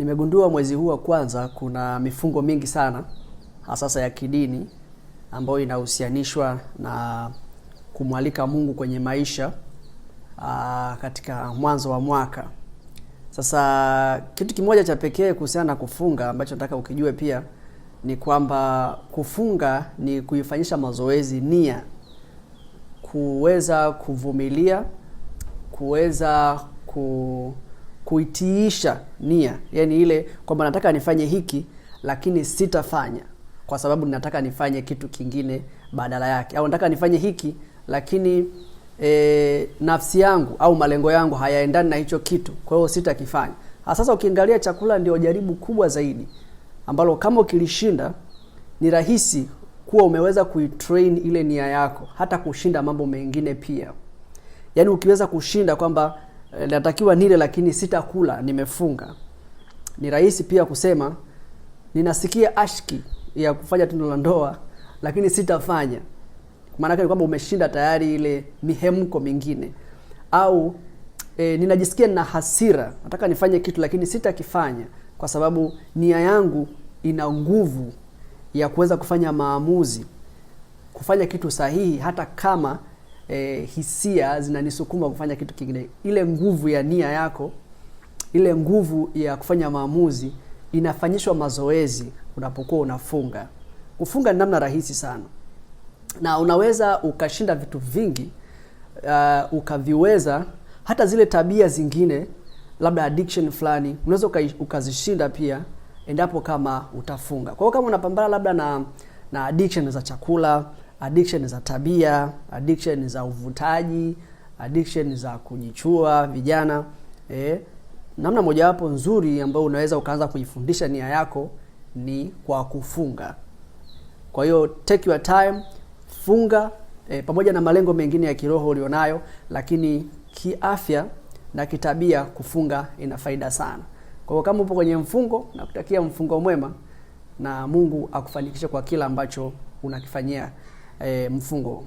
Nimegundua mwezi huu wa kwanza kuna mifungo mingi sana hasasa ya kidini ambayo inahusianishwa na kumwalika Mungu kwenye maisha aa, ah, katika mwanzo wa mwaka. Sasa kitu kimoja cha pekee kuhusiana na kufunga ambacho nataka ukijue pia ni kwamba kufunga ni kuifanyisha mazoezi nia, kuweza kuvumilia, kuweza ku kuitiisha nia, yani ile kwamba nataka nifanye hiki lakini sitafanya kwa sababu ninataka nifanye kitu kingine badala yake, au nataka nifanye hiki lakini e, nafsi yangu au malengo yangu hayaendani na hicho kitu, kwa hiyo sitakifanya. Sasa ukiangalia chakula ndio jaribu kubwa zaidi ambalo kama ukilishinda ni rahisi kuwa umeweza kuitrain ile nia yako hata kushinda mambo mengine pia. Yaani ukiweza kushinda kwamba Eh, natakiwa nile, lakini sitakula, nimefunga. Ni rahisi pia kusema ninasikia ashki ya kufanya tendo la ndoa, lakini sitafanya. Maana yake ni kwamba umeshinda tayari ile mihemko mingine, au e, ninajisikia na hasira, nataka nifanye kitu, lakini sitakifanya kwa sababu nia yangu ina nguvu ya kuweza kufanya maamuzi, kufanya kitu sahihi, hata kama eh, hisia zinanisukuma kufanya kitu kingine. Ile nguvu ya nia yako, ile nguvu ya kufanya maamuzi inafanyishwa mazoezi unapokuwa unafunga. Kufunga ni namna rahisi sana, na unaweza ukashinda vitu vingi uh, ukaviweza. Hata zile tabia zingine, labda addiction fulani, unaweza ukazishinda pia endapo kama utafunga. Kwa hiyo kama unapambana labda na na addiction za chakula addiction za tabia, addiction za uvutaji, addiction za kujichua vijana eh. Namna mojawapo nzuri ambayo unaweza ukaanza kujifundisha nia yako ni kwa kufunga. Kwa hiyo take your time, funga eh, pamoja na malengo mengine ya kiroho ulionayo, lakini kiafya na kitabia kufunga ina faida sana. Kwa hiyo kama upo kwenye mfungo, nakutakia mfungo mwema na Mungu akufanikishe kwa kila ambacho unakifanyia. é, Mfungo.